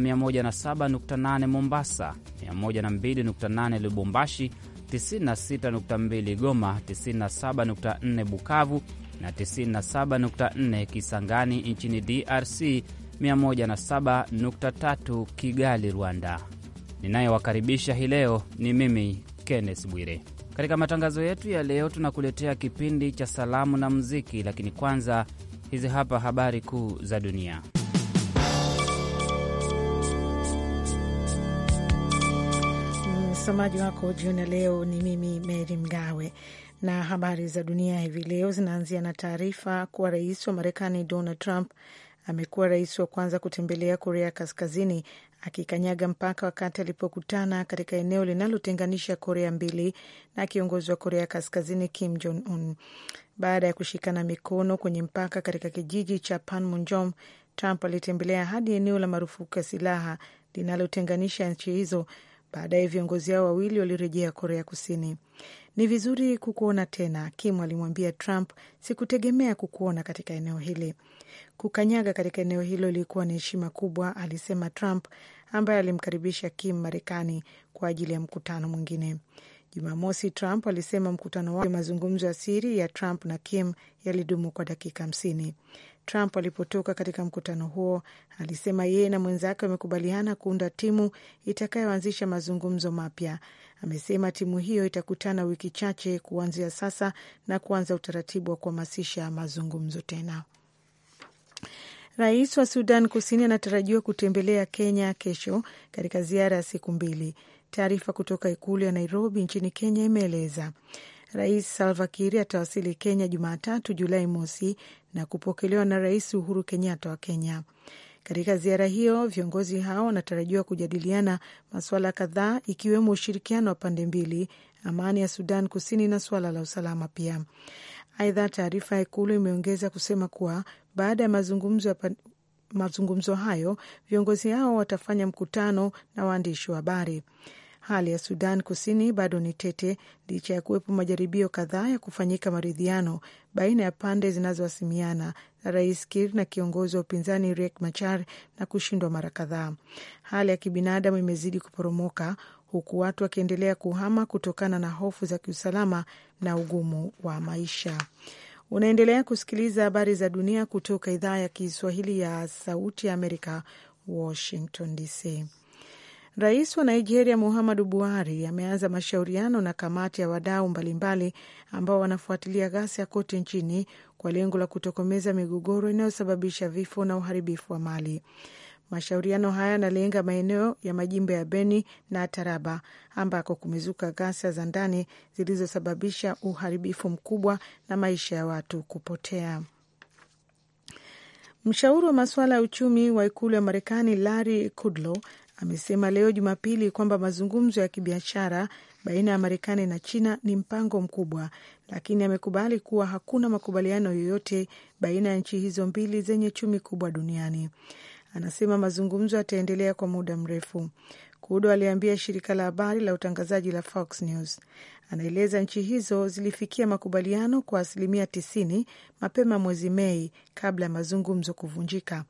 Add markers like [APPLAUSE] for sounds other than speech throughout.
na 107.8 Mombasa, 102.8 Lubumbashi, 96.2 Goma, 97.4 Bukavu na 97.4 Kisangani nchini DRC, 107.3 Kigali, Rwanda. Ninayewakaribisha hii leo ni mimi Kenneth Bwire. Katika matangazo yetu ya leo tunakuletea kipindi cha salamu na muziki, lakini kwanza hizi hapa habari kuu za dunia. Msomaji wako jioni ya leo ni mimi Mary Mgawe, na habari za dunia hivi leo zinaanzia na taarifa kuwa rais wa Marekani Donald Trump amekuwa rais wa kwanza kutembelea Korea Kaskazini akikanyaga mpaka wakati alipokutana katika eneo linalotenganisha Korea mbili na kiongozi wa Korea Kaskazini Kim Jong Un. Baada ya kushikana mikono kwenye mpaka katika kijiji cha Panmunjom, Trump alitembelea hadi eneo la marufuku ya silaha linalotenganisha nchi hizo Baadaye viongozi hao wawili walirejea Korea Kusini. Ni vizuri kukuona tena, Kim alimwambia Trump, sikutegemea kukuona katika eneo hili. Kukanyaga katika eneo hilo ilikuwa ni heshima kubwa, alisema Trump ambaye alimkaribisha Kim Marekani kwa ajili ya mkutano mwingine. Jumamosi, Trump alisema mkutano wake, mazungumzo ya siri ya Trump na Kim yalidumu kwa dakika hamsini. Trump alipotoka katika mkutano huo alisema yeye na mwenzake wamekubaliana kuunda timu itakayoanzisha mazungumzo mapya. Amesema timu hiyo itakutana wiki chache kuanzia sasa na kuanza utaratibu wa kuhamasisha mazungumzo tena. Rais wa Sudan Kusini anatarajiwa kutembelea Kenya kesho katika ziara ya siku mbili. Taarifa kutoka ikulu ya Nairobi nchini Kenya imeeleza Rais Salva Kiir atawasili Kenya Jumatatu, Julai mosi, na kupokelewa na Rais Uhuru Kenyatta wa Kenya. Katika ziara hiyo, viongozi hao wanatarajiwa kujadiliana masuala kadhaa ikiwemo ushirikiano wa pande mbili, amani ya Sudan Kusini na suala la usalama pia. Aidha, taarifa ya Ikulu imeongeza kusema kuwa baada ya mazungumzo ya mazungumzo hayo, viongozi hao watafanya mkutano na waandishi wa habari hali ya Sudan Kusini bado ni tete licha ya kuwepo majaribio kadhaa ya kufanyika maridhiano baina ya pande zinazohasimiana na Rais Kir na kiongozi wa upinzani Riek Machar na kushindwa mara kadhaa. Hali ya kibinadamu imezidi kuporomoka huku watu wakiendelea kuhama kutokana na hofu za kiusalama na ugumu wa maisha. Unaendelea kusikiliza habari za dunia kutoka idhaa ya Kiswahili ya Sauti ya Amerika, Washington DC. Rais wa Nigeria Muhammadu Buhari ameanza mashauriano na kamati ya wadau mbalimbali ambao wanafuatilia ghasia kote nchini kwa lengo la kutokomeza migogoro inayosababisha vifo na uharibifu wa mali. Mashauriano haya yanalenga maeneo ya majimbo ya Beni na Taraba ambako kumezuka ghasia za ndani zilizosababisha uharibifu mkubwa na maisha ya watu kupotea. Mshauri wa masuala ya uchumi wa ikulu ya Marekani Larry Kudlow amesema leo Jumapili kwamba mazungumzo ya kibiashara baina ya Marekani na China ni mpango mkubwa, lakini amekubali kuwa hakuna makubaliano yoyote baina ya nchi hizo mbili zenye chumi kubwa duniani. Anasema mazungumzo yataendelea kwa muda mrefu. Kudo aliambia shirika la habari la utangazaji la Fox News. Anaeleza nchi hizo zilifikia makubaliano kwa asilimia tisini mapema mwezi Mei kabla ya mazungumzo kuvunjika.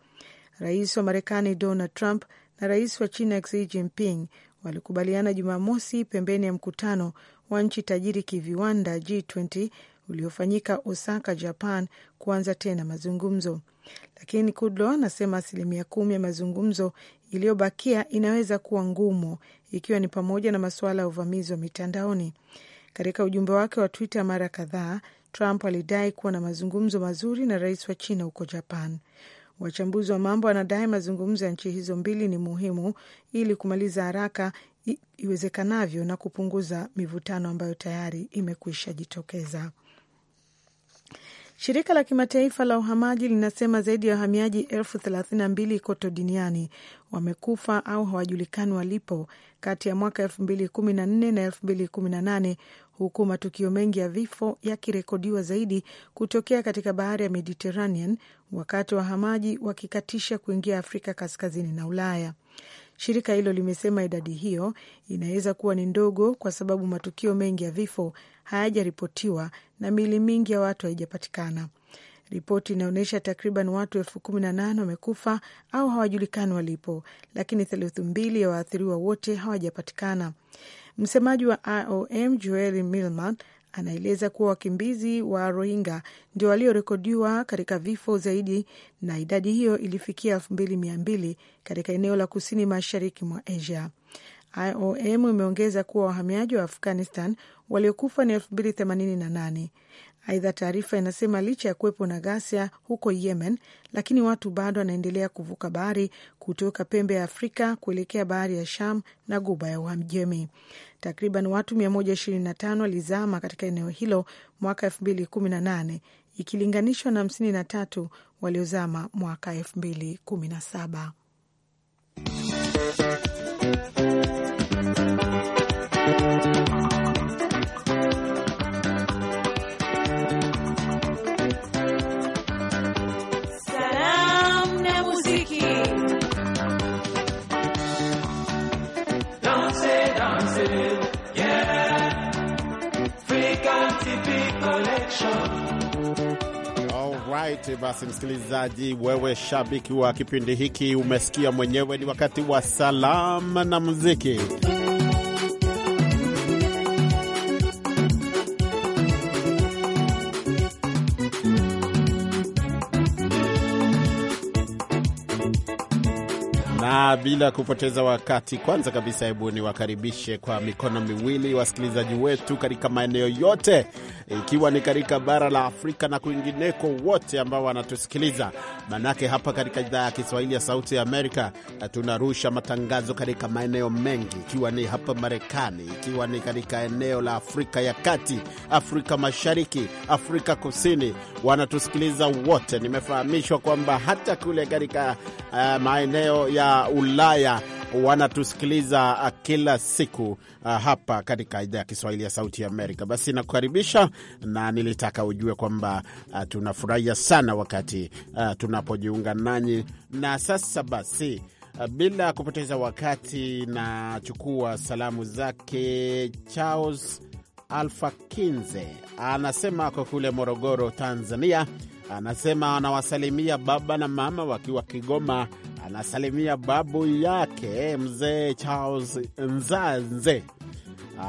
Rais wa Marekani Donald Trump na rais wa China Xi Jinping walikubaliana Jumamosi pembeni ya mkutano wa nchi tajiri kiviwanda G20 uliofanyika Osaka, Japan, kuanza tena mazungumzo. Lakini Kudlow anasema asilimia kumi ya mazungumzo iliyobakia inaweza kuwa ngumu, ikiwa ni pamoja na masuala ya uvamizi wa mitandaoni. Katika ujumbe wake wa Twitter mara kadhaa, Trump alidai kuwa na mazungumzo mazuri na rais wa China huko Japan. Wachambuzi wa mambo wanadai mazungumzo ya nchi hizo mbili ni muhimu ili kumaliza haraka iwezekanavyo na kupunguza mivutano ambayo tayari imekwisha jitokeza. Shirika la kimataifa la uhamaji linasema zaidi ya wahamiaji elfu thelathini na mbili kote duniani wamekufa au hawajulikani walipo kati ya mwaka elfu mbili kumi na nne na elfu mbili kumi na nane huku matukio mengi ya vifo yakirekodiwa zaidi kutokea katika bahari ya Mediterranean wakati wahamaji wakikatisha kuingia Afrika kaskazini na Ulaya. Shirika hilo limesema idadi hiyo inaweza kuwa ni ndogo kwa sababu matukio mengi ya vifo hayajaripotiwa na miili mingi ya watu haijapatikana. Ripoti inaonyesha takriban watu elfu kumi na nane wamekufa au hawajulikani walipo, lakini theluthi mbili ya waathiriwa wote hawajapatikana. Msemaji wa IOM Joel Milman anaeleza kuwa wakimbizi wa Rohingya ndio waliorekodiwa katika vifo zaidi na idadi hiyo ilifikia elfu mbili mia mbili katika eneo la kusini mashariki mwa Asia. IOM imeongeza kuwa wahamiaji wa Afghanistan waliokufa ni elfu mbili themanini na nane Aidha, taarifa inasema licha ya kuwepo na ghasia huko Yemen, lakini watu bado wanaendelea kuvuka bahari kutoka pembe ya Afrika kuelekea bahari ya Sham na guba ya Uajemi. Takriban watu 125 walizama katika eneo hilo mwaka 2018 ikilinganishwa na 53 waliozama mwaka 2017. Wakati basi, msikilizaji, wewe shabiki wa kipindi hiki, umesikia mwenyewe, ni wakati wa salamu na muziki. na bila kupoteza wakati, kwanza kabisa, hebu niwakaribishe kwa mikono miwili wasikilizaji wetu katika maeneo yote ikiwa ni katika bara la Afrika na kwingineko, wote ambao wanatusikiliza. Manake hapa katika idhaa ya Kiswahili ya Sauti ya Amerika tunarusha matangazo katika maeneo mengi, ikiwa ni hapa Marekani, ikiwa ni katika eneo la Afrika ya Kati, Afrika Mashariki, Afrika Kusini, wanatusikiliza wote. Nimefahamishwa kwamba hata kule katika uh, maeneo ya Ulaya wanatusikiliza uh, kila siku uh, hapa katika idhaa ya Kiswahili ya Sauti ya Amerika. Basi nakukaribisha, na nilitaka ujue kwamba uh, tunafurahia sana wakati tunapojiunga nanyi. Na sasa basi, bila kupoteza wakati, nachukua salamu zake Charles Alfa Kinze, anasema ako kule Morogoro, Tanzania. Anasema anawasalimia baba na mama wakiwa Kigoma. Anasalimia babu yake mzee Charles Nzanze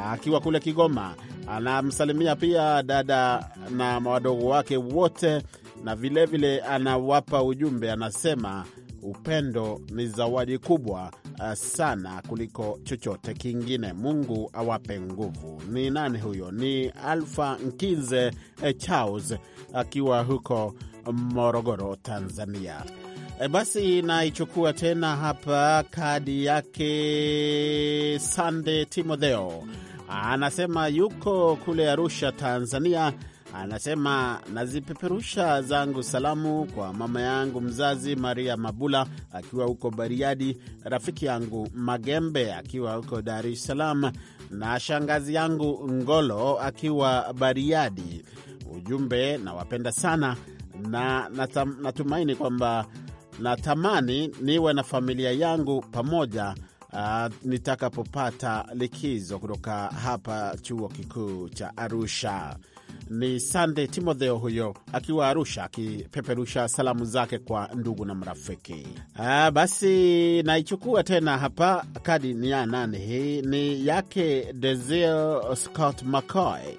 akiwa kule Kigoma. Anamsalimia pia dada na wadogo wake wote, na vilevile vile anawapa ujumbe, anasema upendo ni zawadi kubwa Eh, sana kuliko chochote kingine. Mungu awape nguvu. Ni nani huyo? Ni Alfa Nkize eh, Charles akiwa huko Morogoro, Tanzania. E, basi naichukua tena hapa kadi yake. Sande Timotheo anasema yuko kule Arusha, Tanzania anasema nazipeperusha zangu salamu kwa mama yangu mzazi Maria Mabula akiwa huko Bariadi, rafiki yangu Magembe akiwa huko Dar es Salaam na shangazi yangu Ngolo akiwa Bariadi. Ujumbe, nawapenda sana na natam, natumaini kwamba natamani niwe na familia yangu pamoja Uh, nitakapopata likizo kutoka hapa chuo kikuu cha Arusha. Ni Sande Timotheo huyo akiwa Arusha akipeperusha salamu zake kwa ndugu na mrafiki. Ah, basi naichukua tena hapa kadi ni ya nane, hii ni yake Desil Scott McCoy.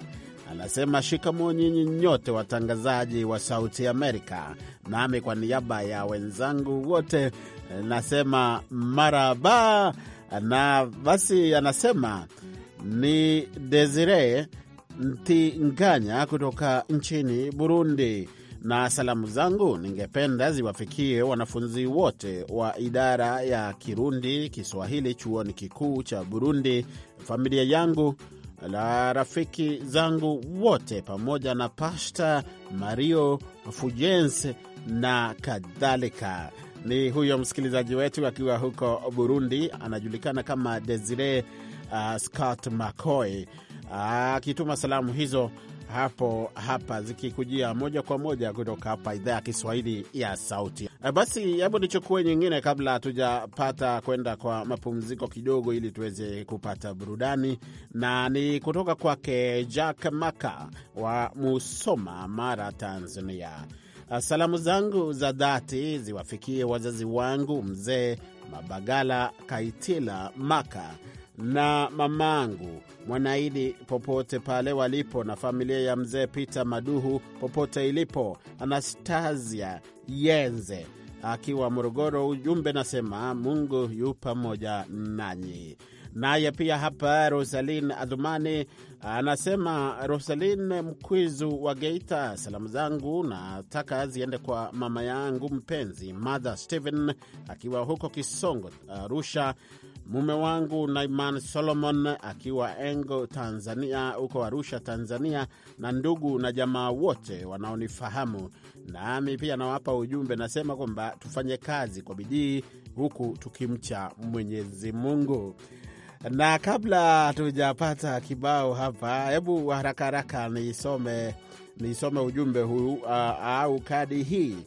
Anasema shikamo nyinyi nyote watangazaji wa Sauti Amerika, nami kwa niaba ya wenzangu wote eh, nasema maraba. Na basi anasema ni Desiree Ntinganya kutoka nchini Burundi. Na salamu zangu ningependa ziwafikie wanafunzi wote wa idara ya Kirundi Kiswahili chuoni kikuu cha Burundi, familia yangu la rafiki zangu wote pamoja na Pasta Mario Fujens na kadhalika. Ni huyo msikilizaji wetu akiwa huko Burundi, anajulikana kama Desire uh, Scott Macoy akituma salamu hizo hapo hapa zikikujia moja kwa moja kutoka hapa idhaa ya Kiswahili ya Sauti. Eh, basi hebu nichukue nyingine kabla hatujapata kwenda kwa mapumziko kidogo, ili tuweze kupata burudani, na ni kutoka kwake Jack Maka wa Musoma, Mara, Tanzania. Ah, salamu zangu za dhati ziwafikie wazazi wangu, mzee Mabagala Kaitila Maka na mamangu Mwanaidi popote pale walipo, na familia ya mzee Peter Maduhu popote ilipo, Anastasia Yenze akiwa Morogoro. Ujumbe nasema Mungu yu pamoja nanyi. Naye pia hapa Rosalin Adhumani anasema, Rosalin Mkwizu wa Geita, salamu zangu nataka ziende kwa mama yangu mpenzi Mother Stephen akiwa huko Kisongo Arusha, mume wangu Naiman Solomon akiwa Engo, Tanzania, huko Arusha, Tanzania, na ndugu na jamaa wote wanaonifahamu. Nami pia nawapa ujumbe, nasema kwamba tufanye kazi kwa bidii huku tukimcha Mwenyezi Mungu. Na kabla tujapata kibao hapa, hebu haraka haraka nisome nisome ujumbe huu au kadi hii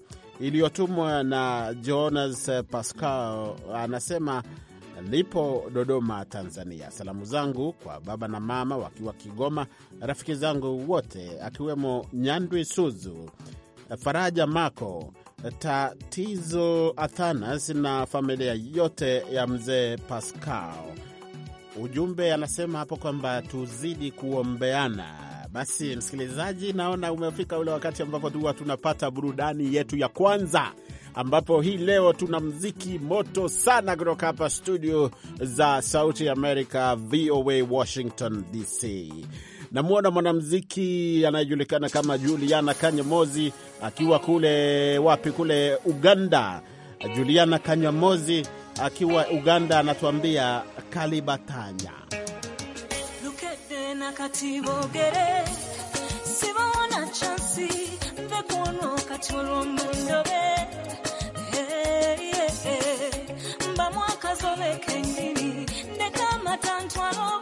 iliyotumwa na Jonas Pascal, anasema lipo Dodoma, Tanzania. Salamu zangu kwa baba na mama wakiwa Kigoma, rafiki zangu wote akiwemo Nyandwi Suzu, Faraja Mako, Tatizo Athanas na familia yote ya mzee Pascal. Ujumbe anasema hapo kwamba tuzidi kuombeana. Basi msikilizaji, naona umefika ule wakati ambapo huwa tunapata burudani yetu ya kwanza ambapo hii leo tuna mziki moto sana kutoka hapa studio za Sauti America, VOA Washington DC. Namwona mwanamziki anayejulikana kama Juliana Kanyamozi akiwa kule wapi, kule Uganda. Juliana Kanyamozi akiwa Uganda anatuambia kalibatanya lukedena katibogere sibona chansi kwonoka tyolwa omundobe mbamu akazole kenyini ndeka amatantwalo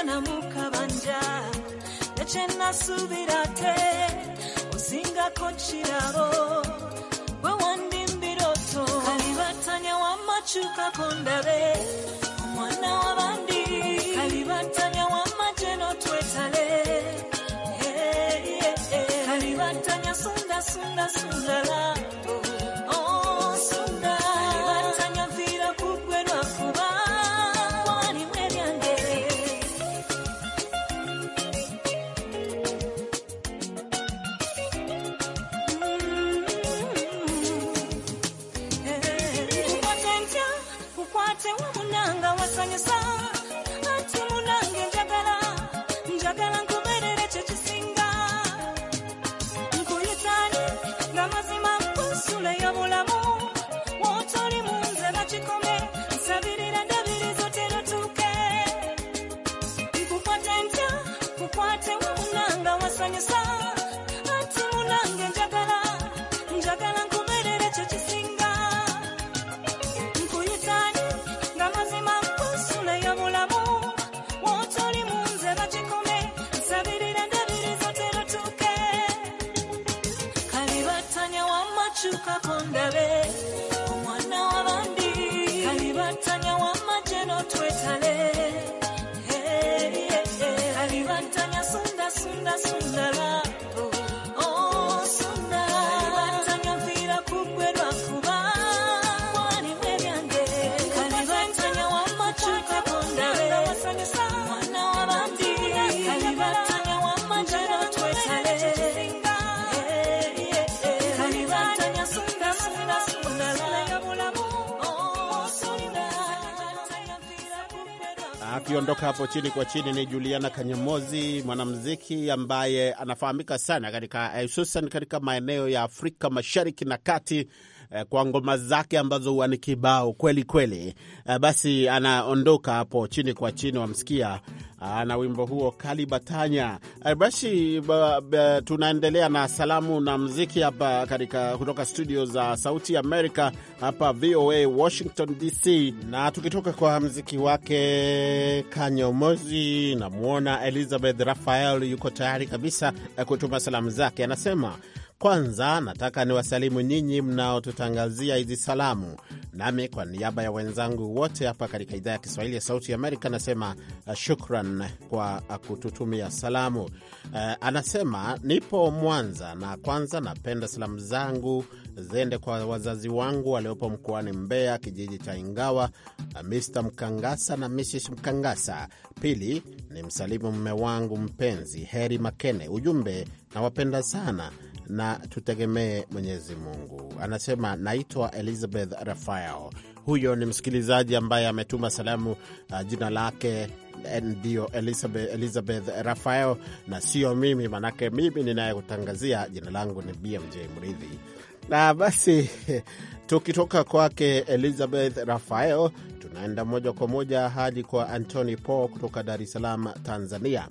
Ntana mukabanja ndetse nasubira te uzinga we wandi mbiroto w'abandi kalibatanye wamajeno twetale hey, yeah, yeah. sunda sunda sundala tukiondoka hapo chini kwa chini ni Juliana Kanyomozi, mwanamuziki ambaye anafahamika sana katika eh, hususan katika maeneo ya Afrika Mashariki na Kati Eh, kwa ngoma zake ambazo huwa ni kibao kweli kweli. Eh, basi anaondoka hapo chini kwa chini, wamsikia na wimbo huo Kalibatanya. Eh, basi tunaendelea na salamu na mziki hapa katika kutoka studio za Sauti Amerika hapa VOA Washington DC, na tukitoka kwa mziki wake Kanyomozi, namwona Elizabeth Rafael yuko tayari kabisa kutuma salamu zake, anasema kwanza nataka niwasalimu nyinyi mnaotutangazia hizi salamu, nami kwa niaba ya wenzangu wote hapa katika idhaa ya Kiswahili ya Sauti ya Amerika nasema uh, shukran kwa uh, kututumia salamu. Uh, anasema nipo Mwanza, na kwanza napenda salamu zangu ziende kwa wazazi wangu waliopo mkoani Mbeya, kijiji cha Ingawa, uh, Mr Mkangasa na Mrs Mkangasa. Pili ni msalimu mme wangu mpenzi Heri Makene. Ujumbe nawapenda sana na tutegemee Mwenyezi Mungu. Anasema naitwa Elizabeth Rafael. Huyo ni msikilizaji ambaye ametuma salamu uh, jina lake eh, ndiyo Elizabeth, Elizabeth Rafael na sio mimi, manake mimi ninayekutangazia jina langu ni BMJ Mridhi. Na basi [LAUGHS] tukitoka kwake Elizabeth Rafael tunaenda moja kwa moja hadi kwa Anthony Paul kutoka Dar es Salaam, Tanzania.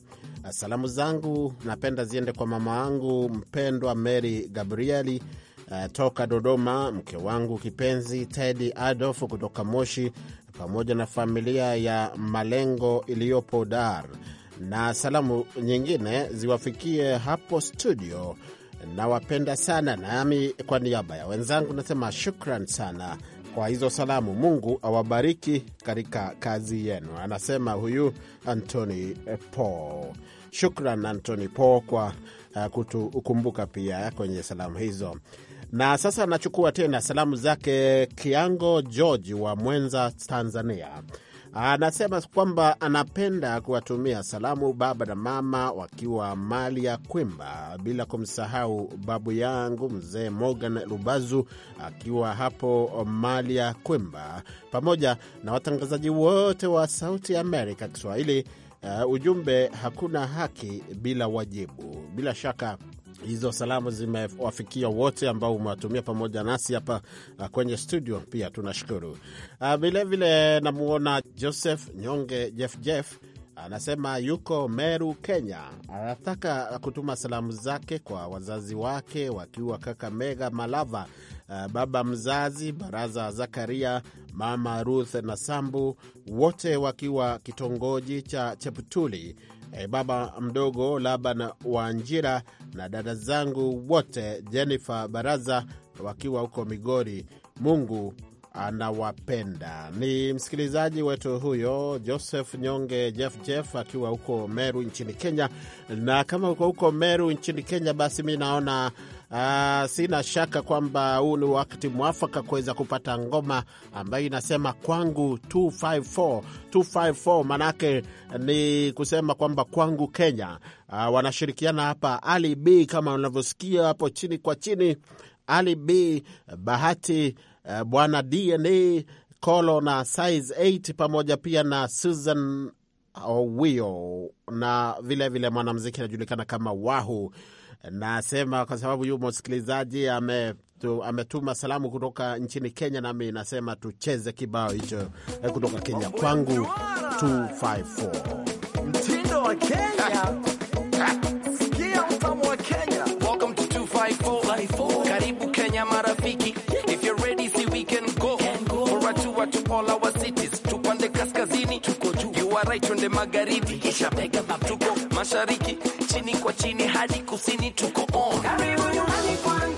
Salamu zangu napenda ziende kwa mama wangu mpendwa Mary Gabrieli uh, toka Dodoma, mke wangu kipenzi Tedi Adolf kutoka Moshi, pamoja na familia ya Malengo iliyopo Dar, na salamu nyingine ziwafikie hapo studio. Nawapenda sana, nami kwa niaba ya wenzangu nasema shukran sana kwa hizo salamu. Mungu awabariki katika kazi yenu, anasema huyu Antony Paul. Shukran Antony Paul kwa uh, kutukumbuka pia kwenye salamu hizo. Na sasa anachukua tena salamu zake Kiango George wa Mwenza, Tanzania anasema kwamba anapenda kuwatumia salamu baba na mama wakiwa mali ya Kwimba, bila kumsahau babu yangu mzee Morgan Lubazu akiwa hapo mali ya Kwimba, pamoja na watangazaji wote wa Sauti Amerika Kiswahili. Uh, ujumbe hakuna haki bila wajibu. Bila shaka Hizo salamu zimewafikia wote ambao umewatumia pamoja nasi hapa uh, kwenye studio. Pia tunashukuru uh, vilevile. Namwona Joseph Nyonge Jeff Jeff anasema yuko Meru, Kenya. Anataka kutuma salamu zake kwa wazazi wake wakiwa Kakamega, Malava, uh, baba mzazi Baraza Zakaria, mama Ruth na Sambu, wote wakiwa kitongoji cha Cheptuli e, baba mdogo Laban Wanjira na dada zangu wote Jennifer Baraza wakiwa huko Migori. Mungu anawapenda. Ni msikilizaji wetu huyo Joseph Nyonge Jeff Jeff akiwa huko Meru nchini Kenya. Na kama uko huko Meru nchini Kenya, basi mi naona Aa, ah, sina shaka kwamba huu ni wakati mwafaka kuweza kupata ngoma ambayo inasema kwangu 254 254, manake ni kusema kwamba kwangu Kenya. Aa, ah, wanashirikiana hapa Ali B kama unavyosikia hapo chini kwa chini, Ali B, Bahati, eh, Bwana DNA Kolo na Size 8 pamoja pia na Susan Owio na vilevile mwanamziki anajulikana kama Wahu. Nasema kwa sababu yu msikilizaji ametuma salamu kutoka nchini Kenya, nami nasema tucheze kibao hicho eh, kutoka Kenya kwangu 254 mtindo wa Kenya. Sikia mtamu wa Kenya. Welcome to 254. Karibu Kenya marafiki wa right twende magharibi, kisha piga matuko mashariki, chini kwa chini hadi kusini, tuko on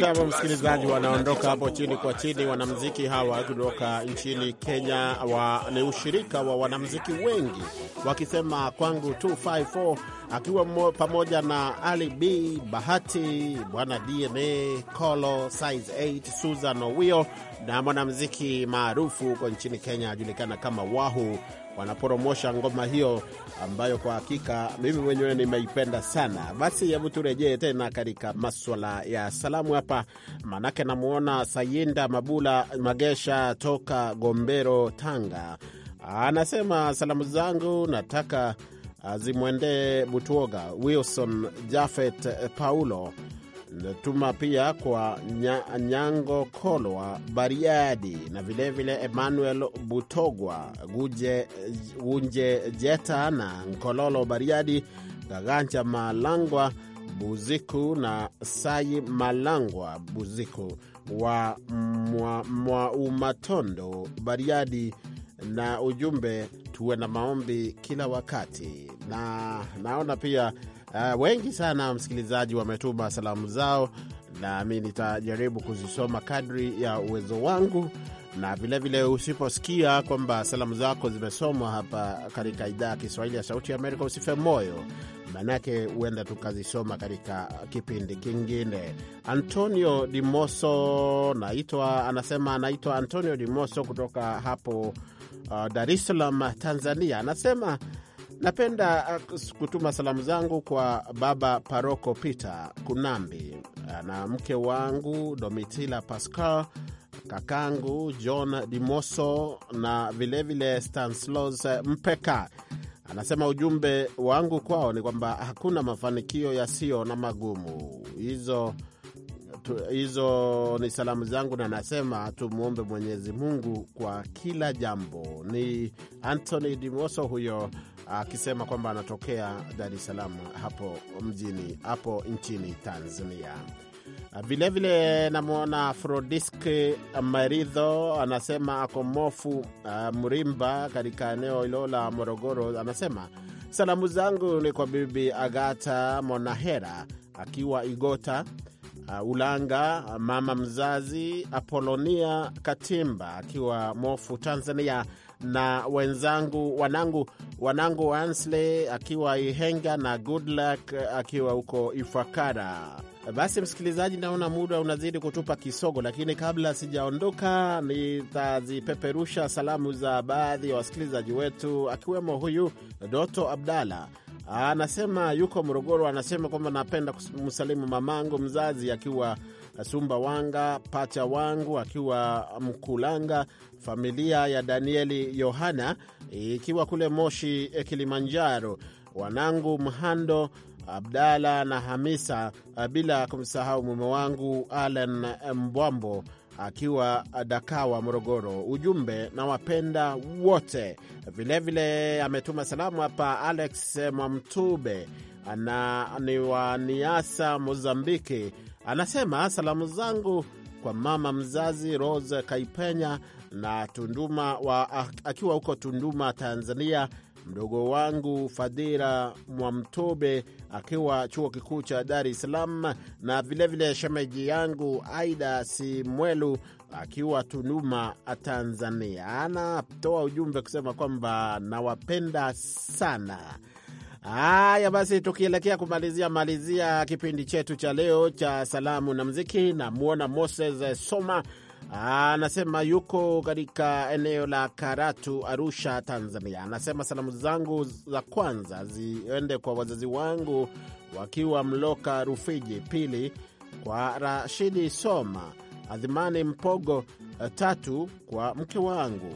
Kama msikilizaji, wanaondoka hapo chini kwa chini. Wanamziki hawa kutoka nchini Kenya wa, ni ushirika wa wanamziki wengi wakisema kwangu 254 akiwa pamoja na Ali B, Bahati, Bwana DMA, Kolo, Size 8, Susan Owio na mwanamziki maarufu huko nchini Kenya ajulikana kama Wahu wanaporomosha ngoma hiyo ambayo kwa hakika mimi mwenyewe nimeipenda sana. Basi hebu turejee tena katika maswala ya salamu hapa, manake namwona Sayinda Mabula Magesha toka Gombero, Tanga, anasema salamu zangu nataka ah, zimwendee Butuoga Wilson Jafet Paulo tuma pia kwa Nya, Nyango Kolwa Bariadi na vilevile vile Emmanuel Butogwa Guje, Unje Jeta na Nkololo Bariadi, Gaganja Malangwa Buziku na Sai Malangwa Buziku wa mwaumatondo mwa Bariadi na ujumbe tuwe na maombi kila wakati, na naona pia Uh, wengi sana msikilizaji wametuma salamu zao, na mi nitajaribu kuzisoma kadri ya uwezo wangu, na vilevile usiposikia kwamba salamu zako zimesomwa hapa katika idhaa ya Kiswahili ya Sauti ya Amerika, usife moyo, maanake huenda tukazisoma katika kipindi kingine. Antonio Dimoso naitwa, anasema anaitwa Antonio Dimoso kutoka hapo uh, Dar es Salaam, Tanzania, anasema Napenda uh, kutuma salamu zangu kwa baba paroko Peter Kunambi uh, na mke wangu Domitila Pascal, kakangu John Dimoso na vilevile Stanislaus Mpeka. Anasema ujumbe wangu kwao ni kwamba hakuna mafanikio yasiyo na magumu. Hizo hizo ni salamu zangu, na nasema tumwombe Mwenyezi Mungu kwa kila jambo. Ni Anthony Dimoso huyo akisema kwamba anatokea Dar es Salaam hapo mjini hapo nchini Tanzania. Vilevile namwona Frodisk Maridho anasema ako uh, Mrimba katika eneo hilo la Morogoro. Anasema salamu zangu ni kwa bibi Agata Monahera akiwa Igota uh, Ulanga, mama mzazi Apolonia Katimba akiwa Mofu Tanzania, na wenzangu wanangu wanangu Ansley akiwa Ihenga na Goodluck akiwa huko Ifakara. Basi msikilizaji, naona muda unazidi kutupa kisogo, lakini kabla sijaondoka, nitazipeperusha salamu za baadhi ya wasikilizaji wetu, akiwemo huyu Doto Abdala anasema yuko Morogoro, anasema kwamba napenda kumsalimu mamangu mzazi akiwa Sumba Wanga Pacha Wangu akiwa Mkulanga, familia ya Danieli Yohana ikiwa kule Moshi, eh, Kilimanjaro, wanangu Mhando Abdala na Hamisa, eh, bila kumsahau mume wangu Alan eh, Mbwambo akiwa Dakawa, Morogoro. Ujumbe na wapenda wote. Vilevile ametuma salamu hapa Alex Mwamtube na ni wa Niasa, Mozambiki Anasema salamu zangu kwa mama mzazi Rose Kaipenya na Tunduma wa, akiwa huko Tunduma Tanzania, mdogo wangu Fadhira Mwamtobe akiwa chuo kikuu cha Dar es Salaam, na vilevile shemeji yangu Aida Simwelu akiwa Tunduma Tanzania. Anatoa ujumbe kusema kwamba nawapenda sana Haya basi, tukielekea kumalizia malizia kipindi chetu cha leo cha salamu na mziki, namwona Moses Soma ah, anasema yuko katika eneo la Karatu, Arusha, Tanzania. Anasema salamu zangu za kwanza ziende kwa wazazi wangu wakiwa Mloka Rufiji, pili kwa Rashidi Soma Adhimani Mpogo, eh, tatu kwa mke wangu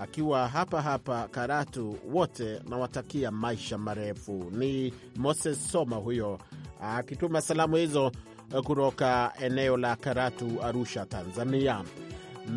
akiwa hapa hapa Karatu. Wote nawatakia maisha marefu. Ni Moses Soma huyo akituma salamu hizo kutoka eneo la Karatu, Arusha, Tanzania.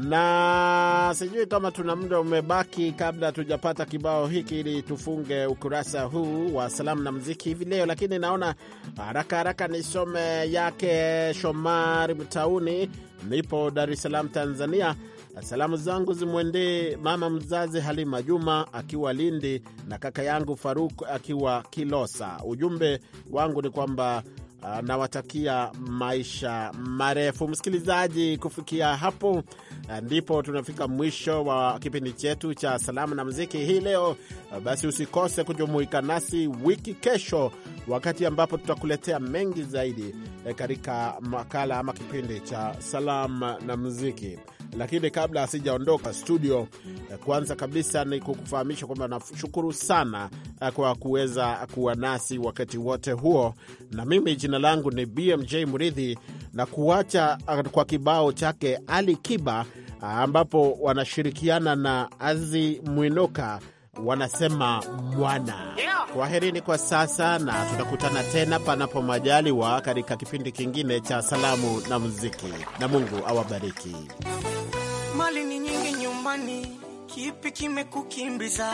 Na sijui kama tuna muda umebaki kabla tujapata kibao hiki ili tufunge ukurasa huu wa salamu na muziki hivi leo, lakini naona haraka haraka nisome yake Shomari Mtauni, nipo Dar es Salaam, Tanzania. Salamu zangu zimwendee mama mzazi Halima Juma akiwa Lindi na kaka yangu Faruk akiwa Kilosa. Ujumbe wangu ni kwamba Uh, nawatakia maisha marefu. Msikilizaji, kufikia hapo uh, ndipo tunafika mwisho wa kipindi chetu cha salamu na muziki hii leo, Ah, basi usikose kujumuika nasi wiki kesho, wakati ambapo tutakuletea mengi zaidi eh, katika makala ama kipindi cha salamu na muziki. Lakini kabla asijaondoka studio, eh, kwanza kabisa ni kukufahamisha kwamba nashukuru sana eh, kwa kuweza kuwa nasi wakati wote huo, na mimi jina langu ni BMJ Muridhi, na kuacha ah, kwa kibao chake Ali Kiba ah, ambapo wanashirikiana na Azi Mwinoka wanasema mwana. Kwaherini kwa sasa, na tutakutana tena panapo majaliwa katika kipindi kingine cha salamu na muziki, na Mungu awabariki. Mali ni nyingi nyumbani, kipi kimekukimbiza?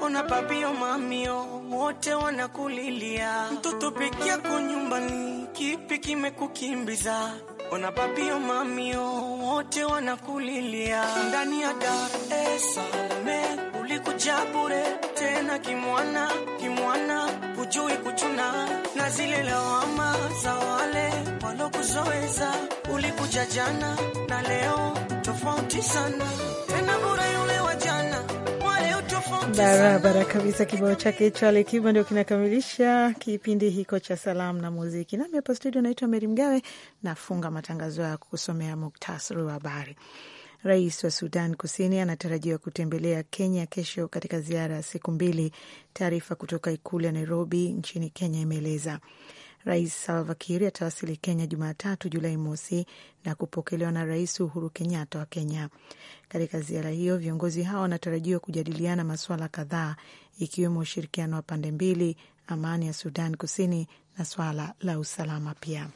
Ona babio mamio wote wanakulilia, mtoto peke yako nyumbani, kipi kimekukimbiza? Ona papi o oh, mami o oh, wote wanakulilia ndani ya Dar es Salaam, ulikuja bure tena kimwana kimwana, hujui kuchuna na zile lawama za wale walokuzoeza. Ulikuja jana na leo tofauti sana barabara kabisa. Kibao chake Chale Kiba ndio kinakamilisha kipindi hiko cha salamu na muziki, nami hapa studio naitwa Meri Mgawe, nafunga matangazo ya kusomea muktasari wa habari. Rais wa Sudan Kusini anatarajiwa kutembelea Kenya kesho katika ziara ya siku mbili, taarifa kutoka ikulu ya Nairobi nchini Kenya imeeleza. Rais Salva Kiir atawasili Kenya Jumatatu, Julai mosi, na kupokelewa na Rais Uhuru Kenyatta wa Kenya. Katika ziara hiyo, viongozi hao wanatarajiwa kujadiliana masuala kadhaa, ikiwemo ushirikiano wa pande mbili, amani ya Sudan Kusini na swala la usalama pia.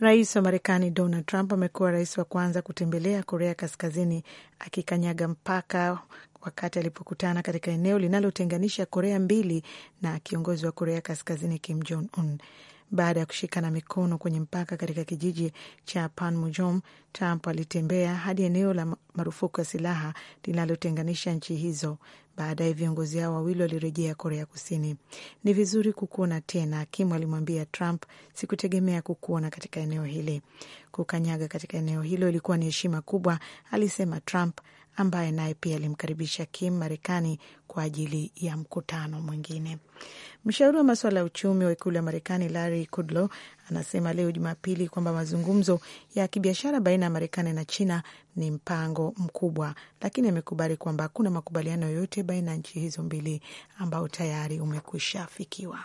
Rais wa Marekani Donald Trump amekuwa rais wa kwanza kutembelea Korea Kaskazini akikanyaga mpaka wakati alipokutana katika eneo linalotenganisha Korea mbili na kiongozi wa Korea Kaskazini Kim Jong Un. Baada ya kushikana mikono kwenye mpaka katika kijiji cha Panmunjom, Trump alitembea hadi eneo la marufuku ya silaha linalotenganisha nchi hizo. Baadaye viongozi hao wawili walirejea Korea Kusini. Ni vizuri kukuona tena, Kim alimwambia Trump, sikutegemea kukuona katika eneo hili. Kukanyaga katika eneo hilo ilikuwa ni heshima kubwa, alisema Trump ambaye naye pia alimkaribisha Kim Marekani kwa ajili ya mkutano mwingine. Mshauri wa masuala ya uchumi wa ikulu ya Marekani Larry Kudlow anasema leo Jumapili kwamba mazungumzo ya kibiashara baina ya Marekani na China ni mpango mkubwa, lakini amekubali kwamba hakuna makubaliano yoyote baina ya nchi hizo mbili ambao tayari umekwisha fikiwa.